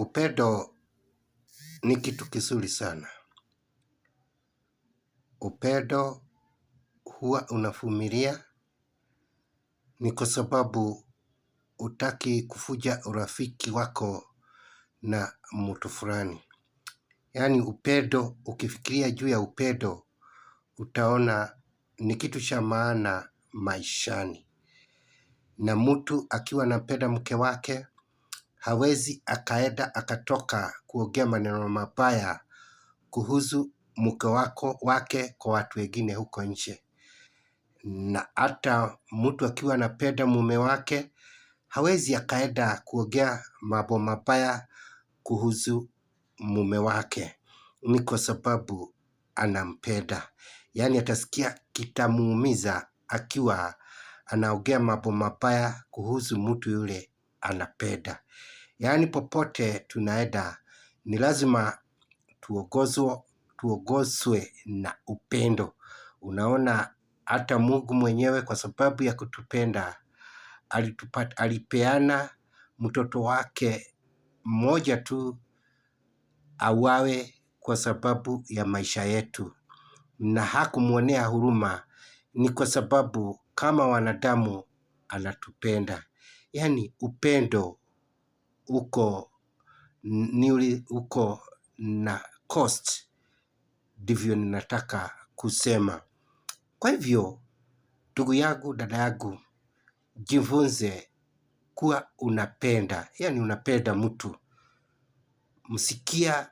Upendo ni kitu kizuri sana. Upendo huwa unavumilia ni kwa sababu hutaki kuvunja urafiki wako na mtu fulani. Yaani upendo, ukifikiria juu ya upendo, utaona ni kitu cha maana maishani. Na mtu akiwa anapenda mke wake, hawezi akaenda akatoka kuongea maneno mabaya kuhusu mke wako wake kwa watu wengine huko nje. Na hata mtu akiwa anapenda mume wake hawezi akaenda kuongea mambo mabaya kuhusu mume wake, ni kwa sababu anampenda. Yaani atasikia kitamuumiza akiwa anaongea mambo mabaya kuhusu mtu yule anapenda. Yaani popote tunaenda ni lazima tuongozwe na upendo. Unaona hata mungu mwenyewe kwa sababu ya kutupenda alipeana mtoto wake mmoja tu auawe kwa sababu ya maisha yetu. Na hakumwonea huruma ni kwa sababu kama wanadamu anatupenda yani upendo uko niuli uko na cost ndivyo ninataka kusema. Kwa hivyo, ndugu yangu, dada yangu, jifunze kuwa unapenda, yani unapenda mtu. Msikia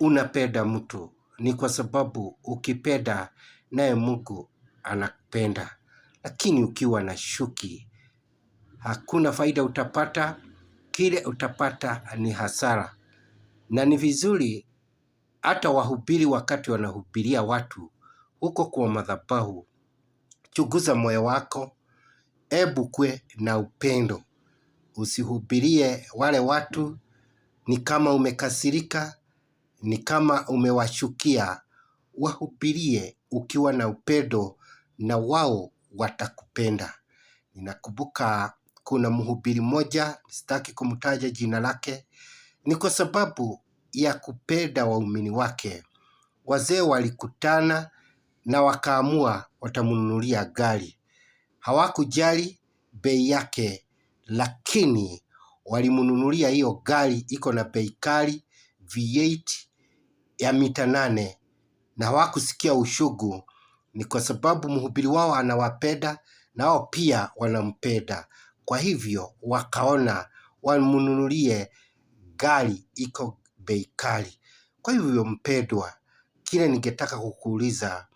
unapenda mtu ni kwa sababu ukipenda naye Mungu anakupenda, lakini ukiwa na shuki hakuna faida utapata, kile utapata ni hasara. Na ni vizuri hata wahubiri wakati wanahubiria watu huko kwa madhabahu, chunguza moyo wako, ebu kwe na upendo, usihubirie wale watu ni kama umekasirika, ni kama umewashukia. Wahubirie ukiwa na upendo, na wao watakupenda. Ninakumbuka kuna mhubiri mmoja, sitaki kumtaja jina lake, ni kwa sababu ya kupenda waumini wake. Wazee walikutana na wakaamua watamnunulia gari. Hawakujali bei yake, lakini walimnunulia hiyo gari iko na bei kali V8 ya mita nane na hawakusikia ushugu. Ni kwa sababu mhubiri wao anawapenda nao pia wanampenda. Kwa hivyo wakaona wamnunulie gari iko bei kali. Kwa hivyo mpendwa, kile ningetaka kukuuliza,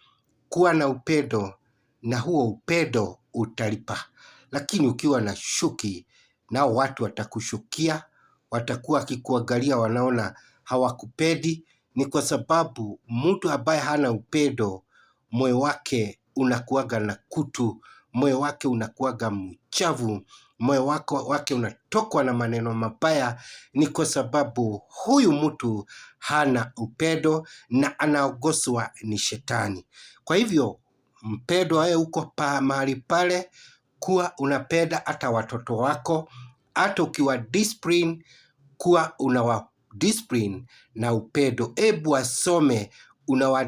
kuwa na upendo na huo upendo utalipa, lakini ukiwa na shuki, nao watu watakushukia, watakuwa wakikuangalia, wanaona hawakupendi. Ni kwa sababu mtu ambaye hana upendo, moyo wake unakuaga na kutu moyo wake unakuwaga mchavu, moyo wako wake unatokwa na maneno mabaya. Ni kwa sababu huyu mtu hana upendo na anaogoswa ni shetani. Kwa hivyo mpendo aye uko pa mahali pale, kuwa unapenda hata watoto wako, hata ukiwa discipline, kuwa unawa discipline na upendo. Ebu asome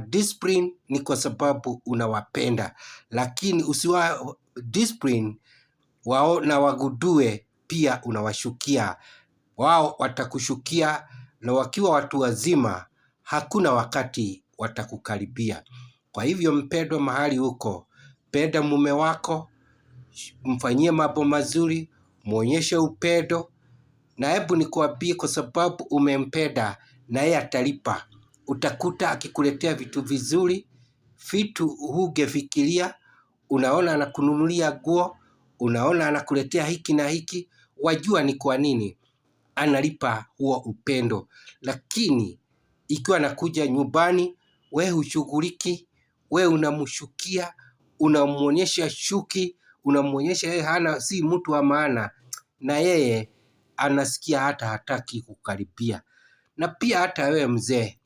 discipline ni kwa sababu unawapenda, lakini usiwa discipline wao na wagudue pia unawashukia wao, watakushukia na wakiwa watu wazima, hakuna wakati watakukaribia. Kwa hivyo, mpendwa, mahali huko, penda mume wako, mfanyie mambo mazuri, mwonyeshe upendo, na hebu nikuambie, kwa sababu umempenda na yeye atalipa utakuta akikuletea vitu vizuri, vitu hugefikiria. Unaona anakununulia nguo, unaona anakuletea hiki na hiki, wajua ni kwa nini analipa huo upendo. Lakini ikiwa anakuja nyumbani, we hushughuliki, we unamshukia, unamwonyesha shuki, unamwonyesha yeye hana, si mtu wa maana, na yeye anasikia hata hataki kukaribia. Na pia hata wewe mzee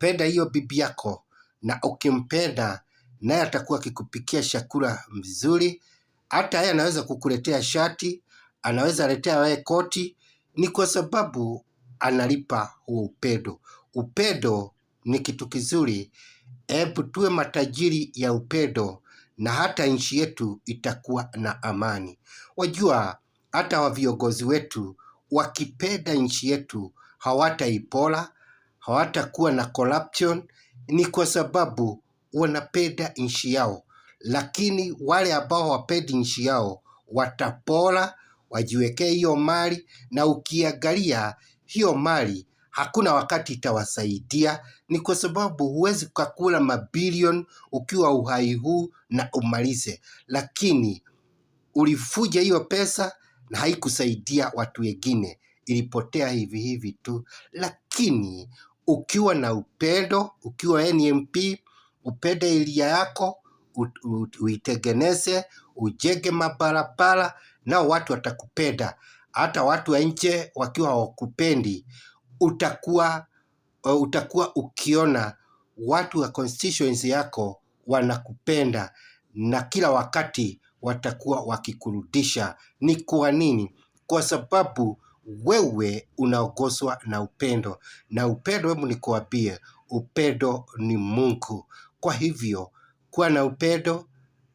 penda hiyo bibi yako na ukimpenda naye atakuwa akikupikia chakula mzuri. Hata yeye anaweza kukuletea shati, anaweza letea wewe koti, ni kwa sababu analipa huo upendo. Upendo ni kitu kizuri. Hebu tuwe matajiri ya upendo, na hata nchi yetu itakuwa na amani. Wajua, hata wa viongozi wetu wakipenda nchi yetu hawataipora hawatakuwa na corruption, ni kwa sababu wanapenda nchi yao. Lakini wale ambao hawapendi nchi yao watapora, wajiwekee hiyo mali, na ukiangalia hiyo mali hakuna wakati itawasaidia. Ni kwa sababu huwezi ukakula mabilioni ukiwa uhai huu na umalize, lakini ulifuja hiyo pesa na haikusaidia watu wengine, ilipotea hivi hivi tu, lakini ukiwa na upendo, ukiwa NMP, upende ilia yako, uitengeneze, ujenge mabarabara, nao watu watakupenda. Hata watu wa nje wakiwa hawakupendi, utakuwa eh, utakuwa ukiona watu wa constituency yako wanakupenda na kila wakati watakuwa wakikurudisha. Ni kwa nini? Kwa sababu wewe unaogoswa na upendo, na upendo, hebu nikuambie, upendo ni Mungu. Kwa hivyo kuwa na upendo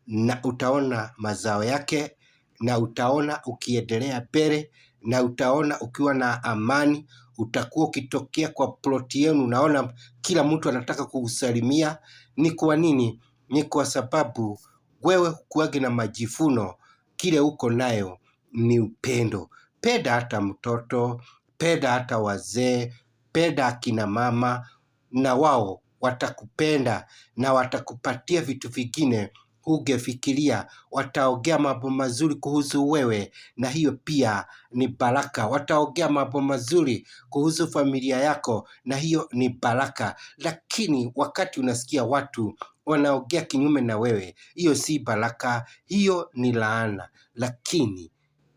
na utaona mazao yake, na utaona ukiendelea mbele, na utaona ukiwa na amani. Utakuwa ukitokea kwa ploti yenu, unaona kila mtu anataka kuusalimia. Ni kwa nini? Ni kwa sababu wewe hukuwagi na majivuno, kile uko nayo ni upendo peda hata mtoto, peda hata wazee, peda akina mama, na wao watakupenda na watakupatia vitu vingine hungefikiria. Wataongea mambo mazuri kuhusu wewe, na hiyo pia ni baraka. Wataongea mambo mazuri kuhusu familia yako, na hiyo ni baraka. Lakini wakati unasikia watu wanaongea kinyume na wewe, hiyo si baraka, hiyo ni laana. Lakini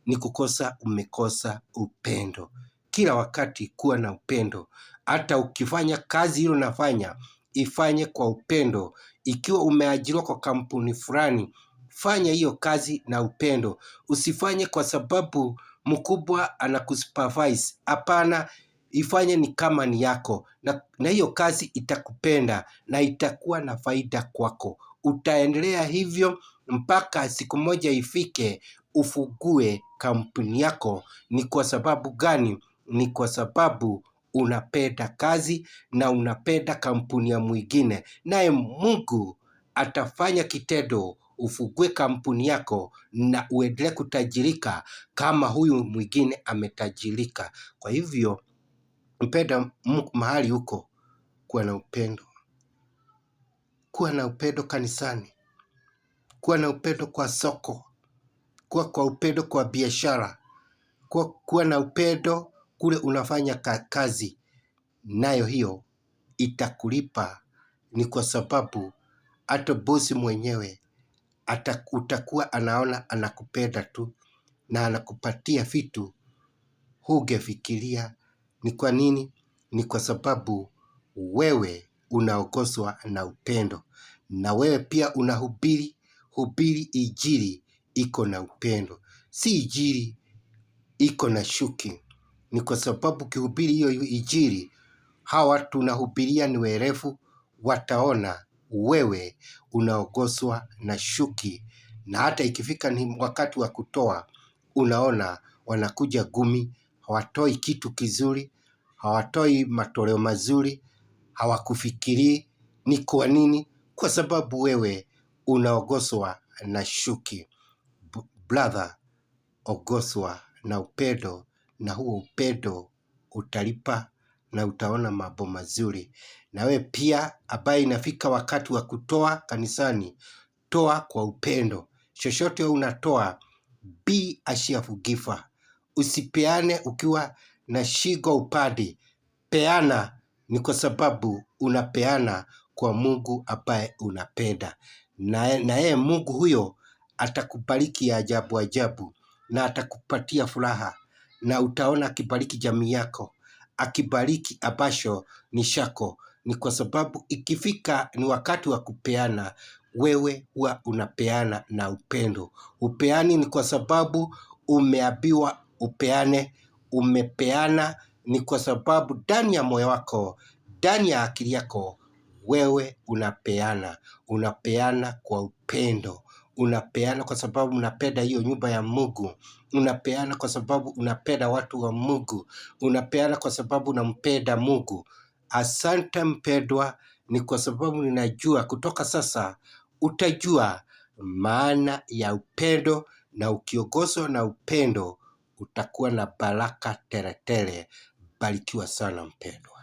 ni kukosa umekosa upendo. Kila wakati kuwa na upendo, hata ukifanya kazi hilo nafanya ifanye kwa upendo. Ikiwa umeajiriwa kwa kampuni fulani, fanya hiyo kazi na upendo, usifanye kwa sababu mkubwa anakusupervise. Hapana, ifanye ni kama ni yako, na, na hiyo kazi itakupenda na itakuwa na faida kwako. Utaendelea hivyo mpaka siku moja ifike ufungue kampuni yako. Ni kwa sababu gani? Ni kwa sababu unapenda kazi na unapenda kampuni ya mwingine, naye Mungu atafanya kitendo ufungue kampuni yako na uendelee kutajirika kama huyu mwingine ametajirika. Kwa hivyo mpenda mahali huko, kuwa na upendo, kuwa na upendo kanisani, kuwa na upendo kwa soko, kuwa kwa upendo kwa biashara, kuwa, kuwa na upendo kule unafanya kazi, nayo hiyo itakulipa. Ni kwa sababu hata bosi mwenyewe ata, utakuwa anaona anakupenda tu na anakupatia vitu hugefikiria. Ni kwa nini? Ni kwa sababu wewe unaongozwa na upendo, na wewe pia unahubiri hubiri Injili iko na upendo, si injili iko na shuki. Ni kwa sababu kihubiri hiyo injili, hawa watu ni werevu, wataona wewe unaogoswa na shuki, na hata ikifika ni wakati wa kutoa, unaona wanakuja gumi, hawatoi kitu kizuri, hawatoi matoleo mazuri, hawakufikirii. Ni kwa nini? Kwa sababu wewe unaogoswa na shuki brother, ogoswa na upendo, na huo upendo utalipa na utaona mambo mazuri. Na we pia ambaye inafika wakati wa kutoa kanisani, toa kwa upendo. Chochote unatoa, be a cheerful giver. Usipeane ukiwa na shingo upande. Peana ni kwa sababu unapeana kwa Mungu ambaye unapenda, na, na yeye Mungu huyo atakubariki ya ajabu ajabu na atakupatia furaha na utaona akibariki jamii yako, akibariki abasho ni shako Ni kwa sababu ikifika ni wakati wa kupeana, wewe huwa unapeana na upendo. Upeani ni kwa sababu umeabiwa upeane, umepeana ni kwa sababu ndani ya moyo wako, ndani ya akili yako, wewe unapeana, unapeana kwa upendo unapeana kwa sababu unapenda hiyo nyumba ya Mungu, unapeana kwa sababu unapenda watu wa Mungu, unapeana kwa sababu unampenda Mungu. Asante mpendwa, ni kwa sababu ninajua kutoka sasa utajua maana ya upendo, na ukiongozwa na upendo utakuwa na baraka teletele. Barikiwa sana mpendwa.